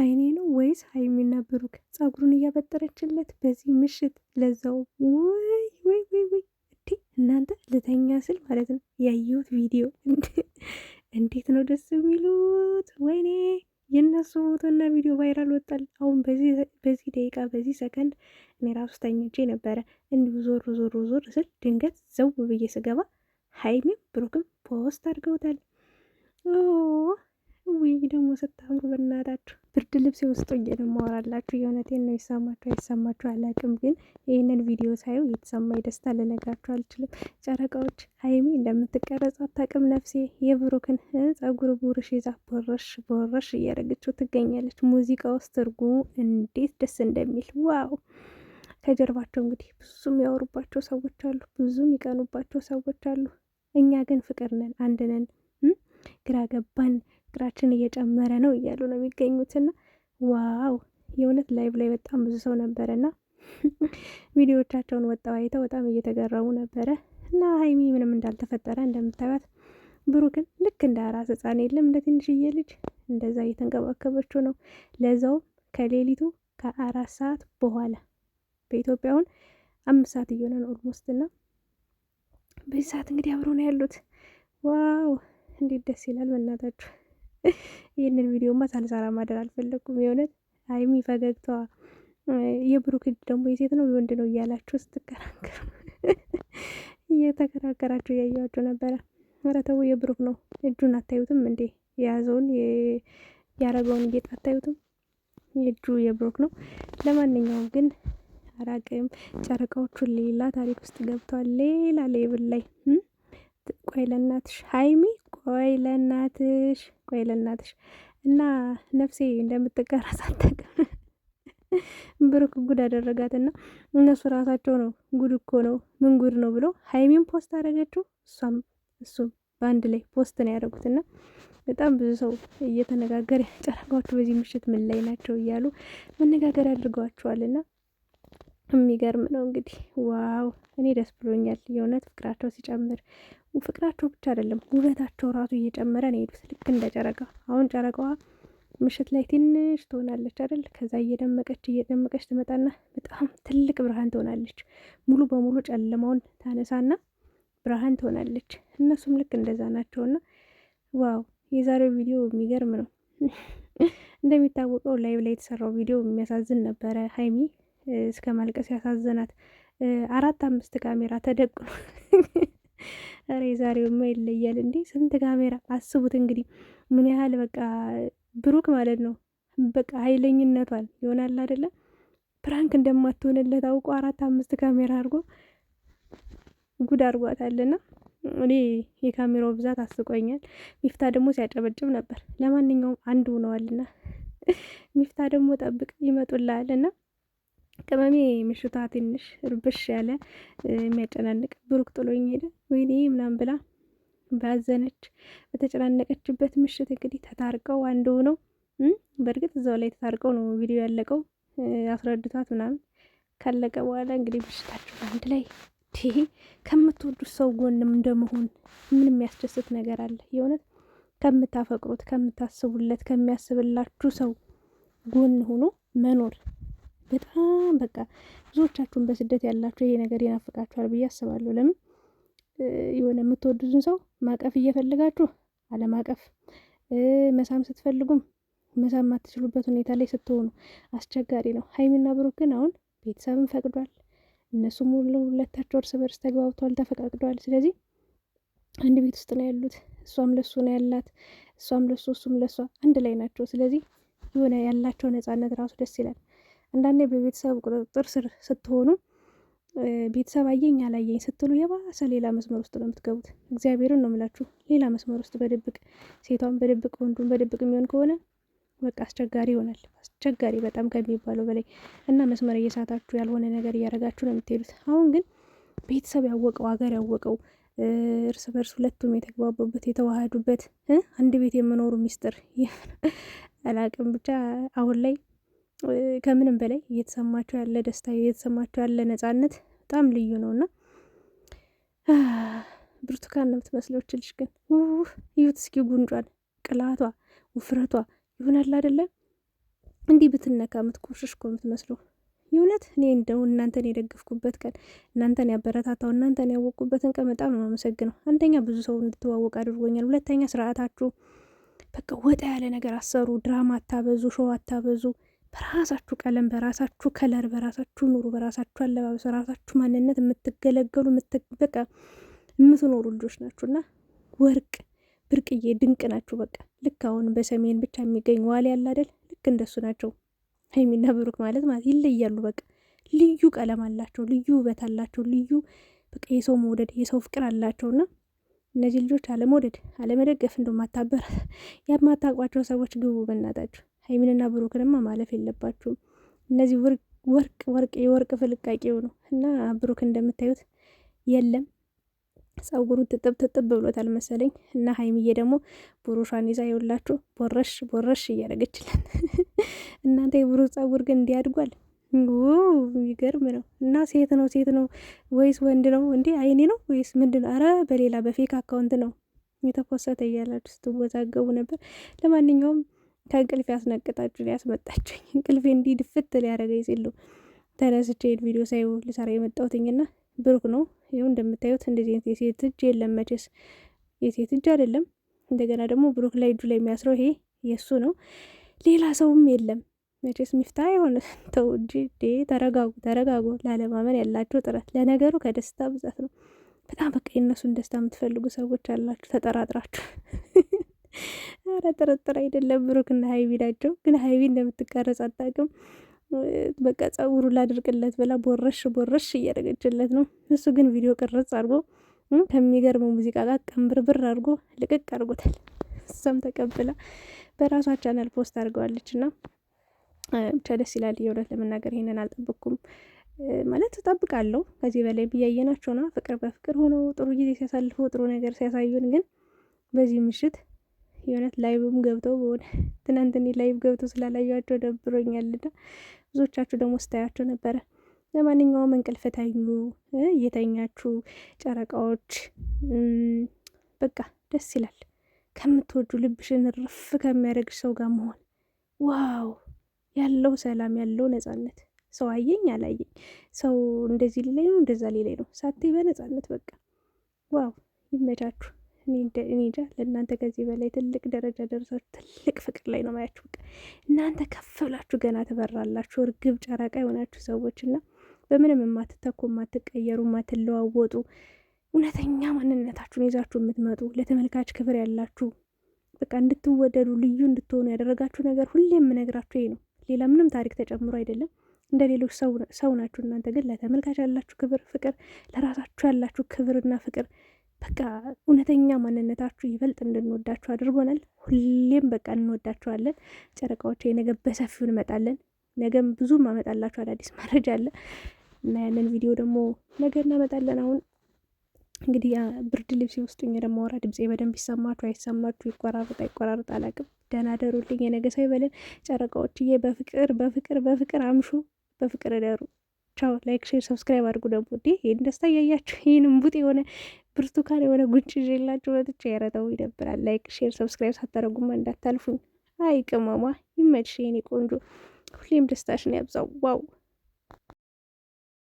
አይኔ ነው ወይስ ሀይሚና ብሩክ ጸጉሩን እያበጠረችለት በዚህ ምሽት ለዛው? ወይ ወይ ወይ ወይ! እናንተ ልተኛ ስል ማለት ነው ያየሁት ቪዲዮ እንዴት ነው ደስ የሚሉት! ወይኔ የእነሱ ፎቶና ቪዲዮ ቫይራል ወጣል። አሁን በዚህ ደቂቃ በዚህ ሰከንድ እኔ ራሱ ተኝቼ ነበረ። እንዲሁ ዞር ዞር ዞር ስል ድንገት ዘው ብዬ ስገባ ሀይሚም ብሩክም ፖስት አድርገውታል። ውይ ደግሞ ስታምሩ በናታችሁ! ብርድ ልብስ ውስጥ ሆኜ ነው የማወራላችሁ። የእውነቴን ነው። ይሰማችሁ አይሰማችሁ አላውቅም፣ ግን ይህንን ቪዲዮ ሳየው የተሰማኝ ደስታ ልነግራችሁ አልችልም። ጨረቃዎች ሀይሚ እንደምትቀረጽ አታውቅም ነፍሴ። የብሩክን ጸጉር ቡርሽ ይዛ ቦረሽ ቦረሽ እያደረገችው ትገኛለች። ሙዚቃ ውስጥ ትርጉሙ እንዴት ደስ እንደሚል ዋው! ከጀርባቸው እንግዲህ ብዙ የሚያወሩባቸው ሰዎች አሉ፣ ብዙ የሚቀኑባቸው ሰዎች አሉ። እኛ ግን ፍቅር ነን፣ አንድ ነን። ግራ ገባን። ፍቅራችን እየጨመረ ነው እያሉ ነው የሚገኙትና ዋው የእውነት ላይቭ ላይ በጣም ብዙ ሰው ነበረና ቪዲዮዎቻቸውን ወጣው አይተው በጣም እየተገረሙ ነበረ እና ሀይሚ ምንም እንዳልተፈጠረ እንደምታዩት ብሩክን ልክ እንደ አራስ ሕፃን የለም እንደ ትንሽዬ ልጅ እንደዛ እየተንከባከበችው ነው። ለዛውም ከሌሊቱ ከአራት ሰዓት በኋላ በኢትዮጵያ ሁን አምስት ሰዓት እየሆነ ነው ኦልሞስት እና በዚህ ሰዓት እንግዲህ አብረው ነው ያሉት። ዋው እንዴት ደስ ይላል በእናታችሁ። ይህንን ቪዲዮማ ሳልሰራ ማደር አልፈለግኩም። የእውነት ሀይሚ ፈገግታዋ የብሩክ እጅ ደግሞ የሴት ነው የወንድ ነው እያላችሁ ስትከራከሩ እየተከራከራችሁ እያያችሁ ነበረ። ኧረ ተው የብሩክ ነው። እጁን አታዩትም እንዴ? የያዘውን ያረገውን ጌጥ አታዩትም? የእጁ የብሩክ ነው። ለማንኛውም ግን አራቅም ጨረቃዎቹ ሌላ ታሪክ ውስጥ ገብተዋል። ሌላ ሌብል ላይ ቆይ ለእናትሽ ሀይሚ ቆይ ለእናትሽ ቆይ ለእናትሽ እና ነፍሴ እንደምትቀረጽ አታውቅም። ብሩክ ጉድ አደረጋትና እነሱ ራሳቸው ነው ጉድ እኮ ነው ምን ጉድ ነው ብሎ ሀይሚን ፖስት አደረገችው። እሷም እሱም በአንድ ላይ ፖስት ነው እና በጣም ብዙ ሰው እየተነጋገረ ጨረቃዎቹ በዚህ ምሽት ምን ላይ ናቸው እያሉ መነጋገር እና የሚገርም ነው እንግዲህ። ዋው እኔ ደስ ብሎኛል የእውነት ፍቅራቸው ሲጨምር ፍቅራቸው ብቻ አይደለም ውበታቸው ራሱ እየጨመረ ነው የሄዱት። ልክ እንደ ጨረቃ። አሁን ጨረቃዋ ምሽት ላይ ትንሽ ትሆናለች አይደል? ከዛ እየደመቀች እየደመቀች ትመጣና በጣም ትልቅ ብርሃን ትሆናለች። ሙሉ በሙሉ ጨለማውን ታነሳና ብርሃን ትሆናለች። እነሱም ልክ እንደዛ ናቸውና ዋው! የዛሬው ቪዲዮ የሚገርም ነው። እንደሚታወቀው ላይቭ ላይ የተሰራው ቪዲዮ የሚያሳዝን ነበረ። ሀይሚ እስከ ማልቀስ ያሳዘናት አራት አምስት ካሜራ ተደቅኖ ኧረ የዛሬውማ ይለያል እንዴ! ስንት ካሜራ አስቡት እንግዲህ ምን ያህል በቃ ብሩክ ማለት ነው በቃ ኃይለኝነቷን ይሆናል አይደለም ፕራንክ እንደማትሆንለት አውቆ አራት አምስት ካሜራ አድርጎ ጉድ አድርጓታልና እኔ የካሜራው ብዛት አስቆኛል። ሚፍታ ደግሞ ሲያጨበጭብ ነበር። ለማንኛውም አንድ ሆነዋልና ሚፍታ ደግሞ ጠብቅ ይመጡልሃልና ቅመሜ ምሽቷ ትንሽ ርብሽ ያለ የሚያጨናንቅ ብሩክ ጥሎኝ ሄደ ወይኔ ምናምን ብላ ባዘነች በተጨናነቀችበት ምሽት እንግዲህ ተታርቀው አንድ ሆነው በእርግጥ እዛው ላይ ተታርቀው ነው ቪዲዮ ያለቀው። አስረድቷት ምናምን ካለቀ በኋላ እንግዲህ ምሽታችሁ አንድ ላይ ከምትወዱት ሰው ጎንም እንደመሆን ምን የሚያስደስት ነገር አለ? የእውነት ከምታፈቅሩት፣ ከምታስቡለት፣ ከሚያስብላችሁ ሰው ጎን ሆኖ መኖር በጣም በቃ ብዙዎቻችሁን በስደት ያላችሁ ይሄ ነገር ይናፍቃችኋል ብዬ አስባለሁ። ለምን የሆነ የምትወዱትን ሰው ማቀፍ እየፈለጋችሁ አለማቀፍ መሳም ስትፈልጉም መሳም ማትችሉበት ሁኔታ ላይ ስትሆኑ አስቸጋሪ ነው። ሀይሚና ብሩክ ግን አሁን ቤተሰብም ፈቅዷል፣ እነሱም ሙሉ ሁለታቸው እርስ በርስ ተግባብተዋል፣ ተፈቃቅደዋል። ስለዚህ አንድ ቤት ውስጥ ነው ያሉት። እሷም ለሱ ነው ያላት፣ እሷም ለሱ፣ እሱም ለሷ አንድ ላይ ናቸው። ስለዚህ የሆነ ያላቸው ነጻነት ራሱ ደስ ይላል። አንዳንዴ በቤተሰብ ቁጥጥር ስር ስትሆኑ ቤተሰብ አየኝ አላየኝ ስትሉ የባሰ ሌላ መስመር ውስጥ ነው የምትገቡት። እግዚአብሔርን ነው የምላችሁ፣ ሌላ መስመር ውስጥ በድብቅ ሴቷን በድብቅ ወንዱን በድብቅ የሚሆን ከሆነ በቃ አስቸጋሪ ይሆናል። አስቸጋሪ በጣም ከሚባለው በላይ እና መስመር እየሳታችሁ ያልሆነ ነገር እያደረጋችሁ ነው የምትሄዱት። አሁን ግን ቤተሰብ ያወቀው ሀገር ያወቀው እርስ በርስ ሁለቱም የተግባቡበት የተዋሃዱበት አንድ ቤት የመኖሩ ሚስጥር አላቅም ብቻ አሁን ላይ ከምንም በላይ እየተሰማቸው ያለ ደስታ እየተሰማቸው ያለ ነጻነት በጣም ልዩ ነው እና ብርቱካን ነው የምትመስለው ችልሽ ግን እዩት እስኪ ጉንጯን፣ ቅላቷ፣ ውፍረቷ ይሆናል አይደለም እንዲህ ብትነካ የምትቆሽሽ እኮ የምትመስለው የእውነት እኔ እንደው እናንተን የደገፍኩበት ቀን እናንተን ያበረታታው እናንተን ያወቅኩበትን ቀን በጣም ነው አመሰግነው። አንደኛ ብዙ ሰው እንድትዋወቅ አድርጎኛል። ሁለተኛ ስርዓታችሁ በቃ ወጣ ያለ ነገር አሰሩ። ድራማ አታበዙ፣ ሾው አታበዙ። በራሳችሁ ቀለም፣ በራሳችሁ ከለር፣ በራሳችሁ ኑሮ፣ በራሳችሁ አለባበስ፣ በራሳችሁ ማንነት የምትገለገሉ በቃ የምትኖሩ ልጆች ናችሁና ወርቅ ብርቅዬ ድንቅ ናችሁ። በቃ ልክ አሁን በሰሜን ብቻ የሚገኝ ዋል ያለ አይደል? ልክ እንደሱ ናቸው ሀይሚና ብሩክ ማለት ማለት ይለያሉ። በቃ ልዩ ቀለም አላቸው፣ ልዩ ውበት አላቸው፣ ልዩ በቃ የሰው መውደድ የሰው ፍቅር አላቸውና እነዚህ ልጆች አለመውደድ አለመደገፍ እንደማታበር ያማታቋቸው ሰዎች ግቡ በናታችሁ። ሀይሚንና ብሩክንማ ማለፍ የለባችሁም። እነዚህ ወርቅ ወርቅ የወርቅ ፍልቃቄው ነው እና ብሩክ እንደምታዩት የለም ጸጉሩን ትጥብ ትጥብ ብሎታል መሰለኝ። እና ሀይሚዬ ደግሞ ብሩሿን ይዛ የውላችሁ ቦረሽ ቦረሽ እያደረገችለን። እናንተ የብሩክ ጸጉር ግን እንዲያድጓል ይገርም ነው። እና ሴት ነው ሴት ነው ወይስ ወንድ ነው እንዴ? አይኔ ነው ወይስ ምንድን ነው? አረ በሌላ በፌክ አካውንት ነው የተኮሰተ እያላችሁ ስትወዛገቡ ነበር። ለማንኛውም ከእንቅልፍ ያስነቅጣችሁ ያስመጣችሁኝ እንቅልፍ እንዲህ ድፍት ሊያደርገኝ ሲሉ ተነስቼ ቪዲዮ ሳይ ልሰራ የመጣሁትኝና ብሩክ ነው። ይኸው እንደምታዩት እንደዚህ አይነት የሴት እጅ የለም መቼስ የሴት እጅ አይደለም። እንደገና ደግሞ ብሩክ ላይ እጁ ላይ የሚያስረው ይሄ የእሱ ነው፣ ሌላ ሰውም የለም መቼስ። ሚፍታ የሆነ ተው እንጂ ተረጋጉ፣ ተረጋጉ። ላለማመን ያላችሁ ጥረት ለነገሩ ከደስታ ብዛት ነው። በጣም በቃ የእነሱን ደስታ የምትፈልጉ ሰዎች አላችሁ ተጠራጥራችሁ ኧረ ጥርጥር አይደለም ብሩክና ሀይቢ ናቸው። ግን ሀይቢ እንደምትቀረጽ አታውቅም። በቃ ጸጉሩ ላድርቅለት ብላ ቦረሽ ቦረሽ እያደረገችለት ነው። እሱ ግን ቪዲዮ ቅርጽ አድርጎ ከሚገርመው ሙዚቃ ጋር ቀንብርብር አድርጎ ልቅቅ አድርጎታል። እሷም ተቀብላ በራሷ ቻናል ፖስት አድርገዋለች። እና ብቻ ደስ ይላል። የእውነት ለመናገር ይሄንን አልጠብኩም ማለት እጠብቃለሁ ከዚህ በላይ ብያየናቸውና ፍቅር በፍቅር ሆነው ጥሩ ጊዜ ሲያሳልፉ ጥሩ ነገር ሲያሳዩን ግን በዚህ ምሽት የእውነት ላይቭም ገብተው በሆነ ትናንት እኔ ላይቭ ገብተው ስላላዩቸው ደብሮኛልና ብዙዎቻችሁ ደግሞ ስታያቸው ነበረ። ለማንኛውም እንቅልፍ ተኙ፣ እየተኛችሁ ጨረቃዎች፣ በቃ ደስ ይላል። ከምትወዱ ልብሽን ርፍ ከሚያደርግሽ ሰው ጋር መሆን ዋው! ያለው ሰላም ያለው ነጻነት፣ ሰው አየኝ አላየኝ፣ ሰው እንደዚህ ሌላይ ነው እንደዛ ሌላይ ነው ሳቴ በነጻነት በቃ ዋው! ይመቻችሁ። እኔ ለእናንተ ከዚህ በላይ ትልቅ ደረጃ ደርሳችሁ ትልቅ ፍቅር ላይ ነው ማያችሁ። በቃ እናንተ ከፍ ብላችሁ ገና ትበራላችሁ፣ እርግብ ጨረቃ የሆናችሁ ሰዎች እና በምንም የማትተኩ የማትቀየሩ፣ የማትለዋወጡ እውነተኛ ማንነታችሁን ይዛችሁ የምትመጡ ለተመልካች ክብር ያላችሁ በቃ እንድትወደዱ ልዩ እንድትሆኑ ያደረጋችሁ ነገር ሁሌም የምነግራችሁ ይሄ ነው። ሌላ ምንም ታሪክ ተጨምሮ አይደለም። እንደ ሌሎች ሰው ናችሁ እናንተ ግን ለተመልካች ያላችሁ ክብር፣ ፍቅር፣ ለራሳችሁ ያላችሁ ክብርና ፍቅር በቃ እውነተኛ ማንነታችሁ ይበልጥ እንድንወዳችሁ አድርጎናል። ሁሌም በቃ እንወዳችኋለን ጨረቃዎች። ነገ በሰፊው እንመጣለን። ነገም ብዙ ማመጣላችሁ አዳዲስ መረጃ አለ እና ያንን ቪዲዮ ደግሞ ነገ እናመጣለን። አሁን እንግዲህ ብርድ ልብስ ውስጡኝ ደግሞ ወራ ድምፄ በደንብ ይሰማችሁ አይሰማችሁ፣ ይቆራረጥ አይቆራረጥ አላቅም። ደህና ደሩልኝ። የነገ ሰው ይበለን ጨረቃዎችዬ። በፍቅር በፍቅር በፍቅር አምሹ፣ በፍቅር እደሩ። ቻው። ላይክ፣ ሼር፣ ሰብስክራይብ አድርጉ። ደግሞ እንዴ ይህን ደስታ እያያችሁ ይህንም ቡጥ የሆነ ብርቱካን የሆነ ጉንጭ ይዤላችሁ መጥቼ የረተው ይደብራል። ላይክ፣ ሼር፣ ሰብስክራይብ ሳታደረጉማ እንዳታልፉኝ። አይ ቅመሟ ይመችሽ የኔ ቆንጆ፣ ሁሌም ደስታሽን ያብዛው። ዋው